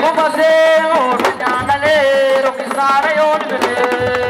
mu fase mu fi jàngale rokki saara yoon bi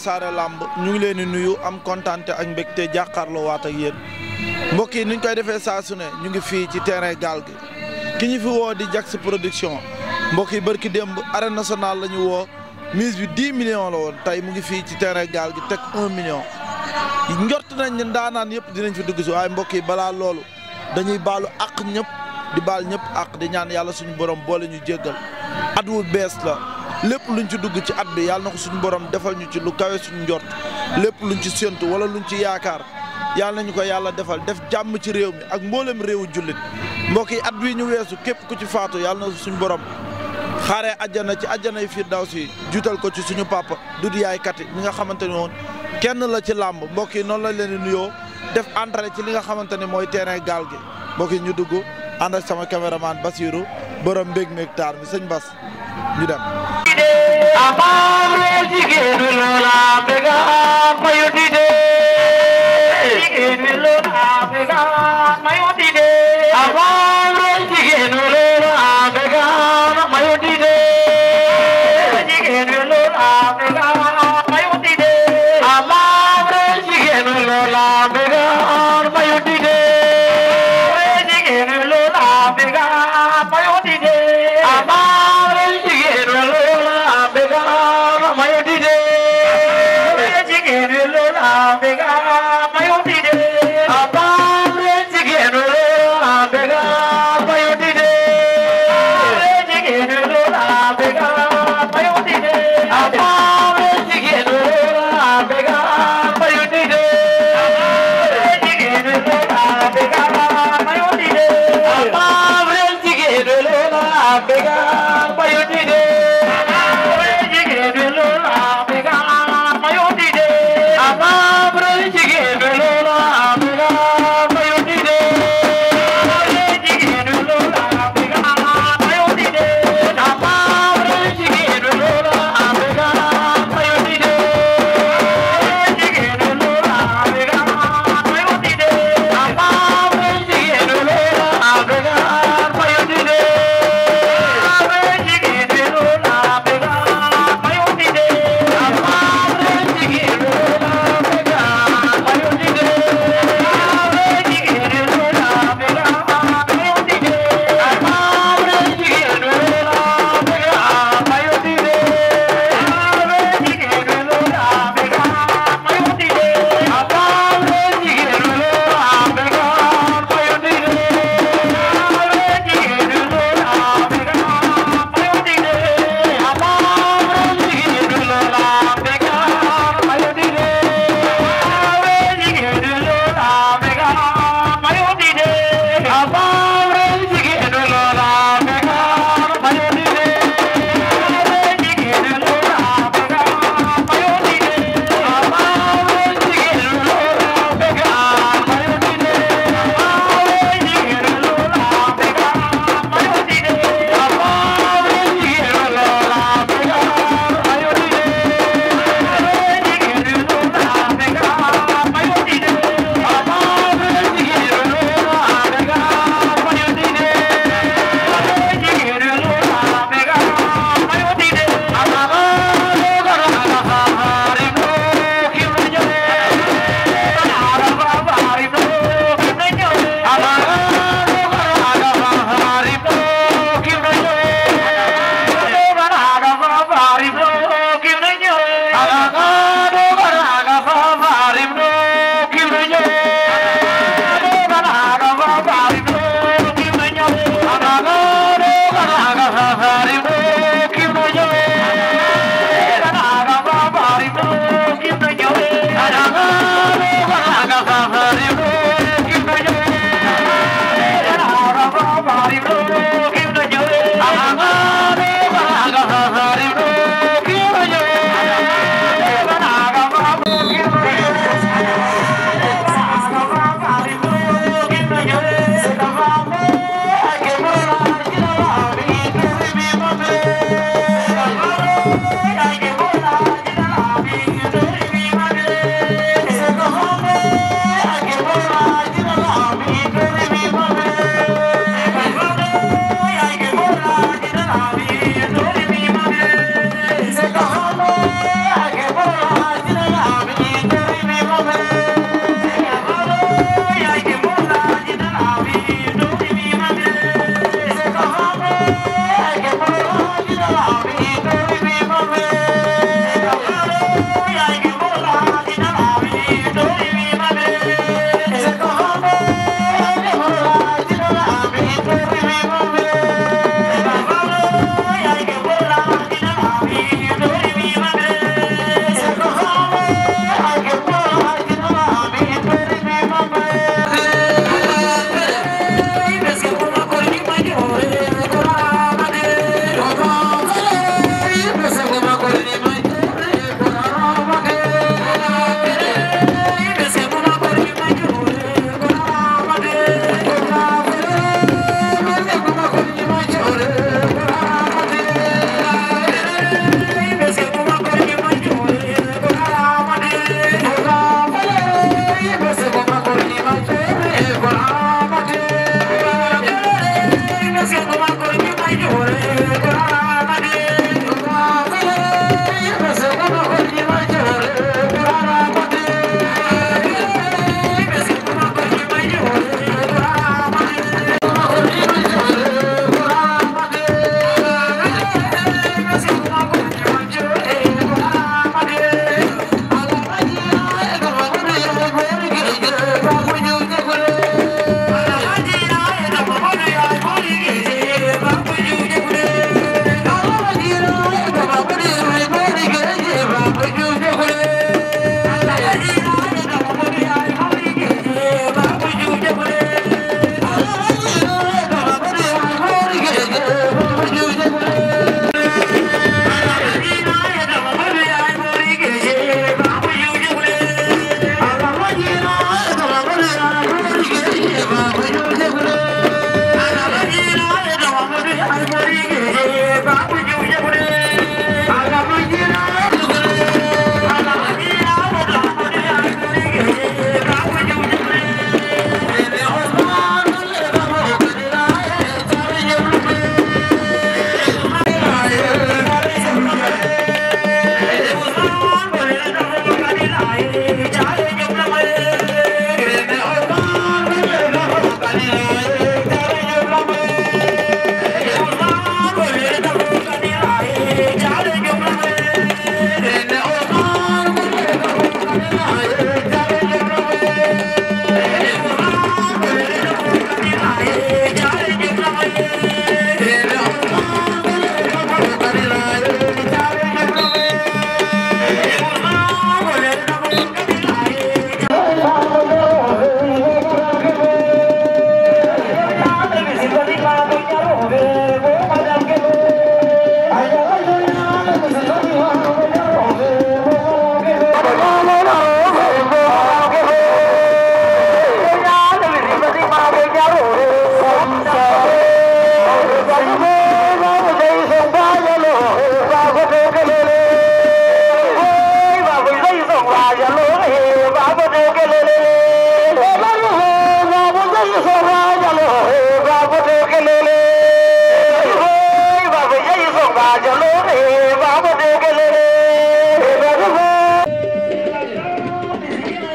wasaare làmb ñu ngi leen di nuyu am kontaan ak mbégte jàkkaarloo waat ak yéen mbokk yi niñ koy defee saa su ne ñu ngi fii ci terrain gaal gi ki ñu fi woo di Diaks production mbokk yi barki demb arène nationale la ñu woo mise bi 10 million la woon tey mu ngi fii ci terrain gaal gi teg 1 million. njort nañ ne ndaanaan yëpp dinañ fi dugg si waaye mbokk yi balaa loolu dañuy baalu àq ñëpp di baal ñëpp àq di ñaan yàlla suñu borom boole ñu jéggal at bees la. lépp luñ ci dugg ci at bi yàlla na ko suñu borom defal ñu ci lu kawe suñu njort lépp luñ ci séntu wala luñ ci yaakaar yàlla nañu ko yàlla defal def jàmm ci réew mi ak mboolem réewu jullit mbokki at bii ñu weesu képp ku ci faatu yàlla na suñu borom xaaree ajjana ci fiir ajjanay firdawsi juutal ko ci suñu papa Dudu Yaay Kati mi nga xamante ne woon kenn la ci làmb mbokk yi noonu lañ leen di nuyoo def entrée ci li nga xamante ne mooy terrain gaal gi mbokk ñu dugg ànd sama caméraman Basirou borom mbég-mbég taar sëñ Bas. ñu dem.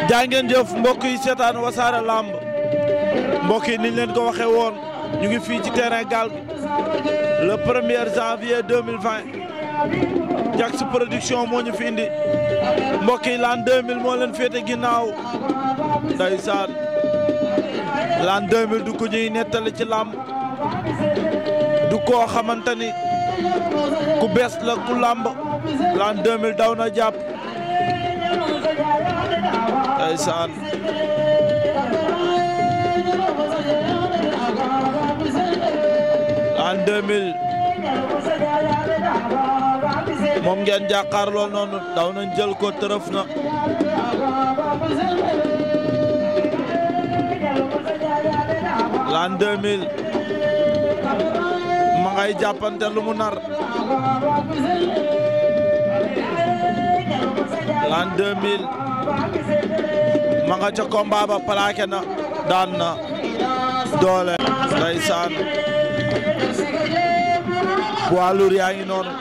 jaa ngeen jëf mbokk yi seetaan wasaare làmb mbokk yi niñ leen ko waxee woon ñu ngi fii ci terrain Gaal gi le premier janvier 2020 Diaks production moo ñu fi indi mbokk yi l'an 2000 moo leen féete ginnaaw ndeysaan l'an 2000 du ko ñuy nettali ci làmb du koo xamante ni ku bees la ku làmb l'an 2000 daw na jàpp ndeysaan en 2000 moom ngeen jàkkaarloo noonu daw nañ jël ko tërëf na l'an 2000 ma ngay jàppante lu mu nar l'an 2000 ma nga ca combat ba plaqué na daan na doole ndeysaan poids lourd yaa ngi noonu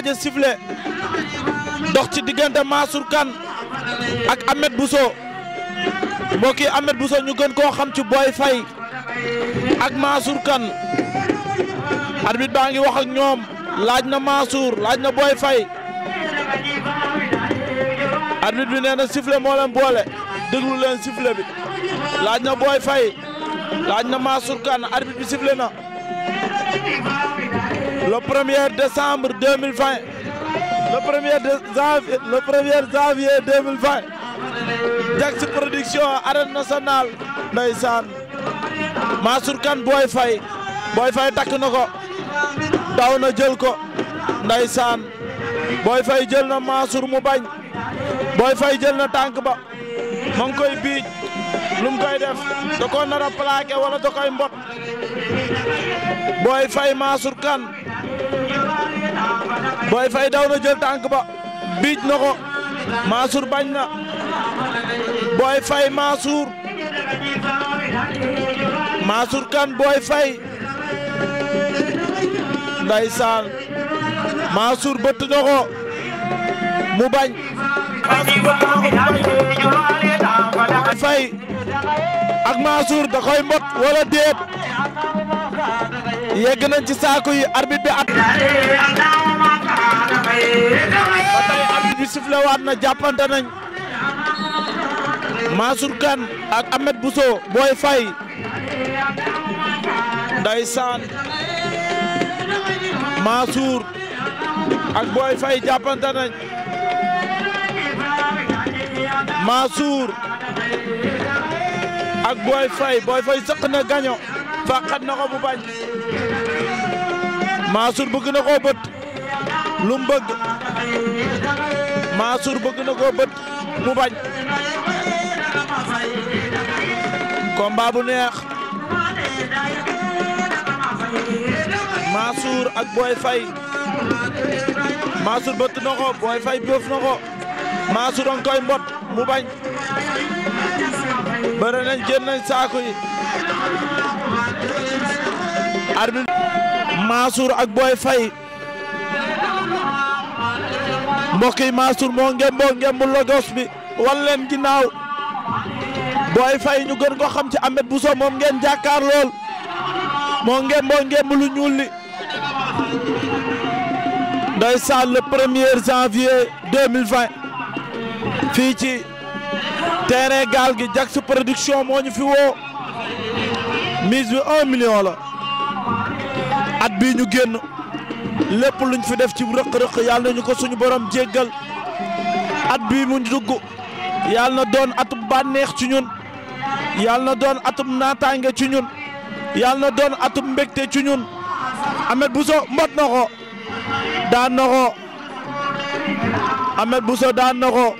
waaj a sifflé dox ci diggante Mansour Kane ak bu Bousso mbokki yi bu Bousso ñu gën koo xam ci Boy Faye ak Mansour Kane arbitre baa ngi wax ak ñoom laaj na Mansour laaj na Boy Faye arbitre bi nee na sifflé moo leen boole déglu leen bi laaj na Boy Faye laaj na Mansour Kane arbitre bi sifflé na le premier décembre 2020 le premier janvier le premier janvier 2020 Diaks production arène nationale ndeysaan Mansour Kane Boy Faye takk na ko daw na jël ko ndeysaan Boy Faye jël na Mansour mu bañ Boy Faye jël na tànk ba ma koy biij lu koy def da ko nar a wala da koy mbot Boy Faye Mansour Kane Boy Faye daw na jël tànk ba biij na ko Mansour bañ na Boy Faye Mansour Mansour kan Boy Faye ndeysaan Mansour bëtt na ko mu bañ Boy Faye ak Mansour da koy mbot wala déet yegg nañ ci saako yi arbitre bi at ba tey bi sifflé na jàppante nañ Mansour Kane ak Ahmed Bousso Boy Faye ndeysaan Mansour ak Boy Faye jàppante nañ Mansour ak Boy Faye Boy Faye sëq na gaño fàqat na ko mu bañ Mansour bëgg na koo bët lu mu bëgg Mansour bëgg na koo bët mu bañ combat bu neex Mansour ak Boy Faye Mansour bëtt na ko Boy Faye boof na ko Mansour a koy mbot mu bañ bëre nañ jën nañ saako yi arbitre Mansour ak Boy Faye mbokk yi Mansour moo ngemboo ngembu logos bi wan leen ginnaaw Boy ñu gën ko xam ci Ahmed Bousso moom ngeen jàkkaar lool moo ngemboo ngemb lu ñuul li ndeysaan le premier janvier 2020 fii ci terrain gaal gi Jaks production moo ñu fi woo mise bi un million la at bi ñu génn lépp luñ fi def ci rëq-rëq yàlla ñu ko suñu borom jéggal at bii mu dugg yàlla na doon atum bànneex ci ñun yàlla na doon atum naataange ci ñun yàlla na doon atum mbégte ci ñun Ahmed Bousso mbot na ko daan na ko Ahmed Bousso daan na ko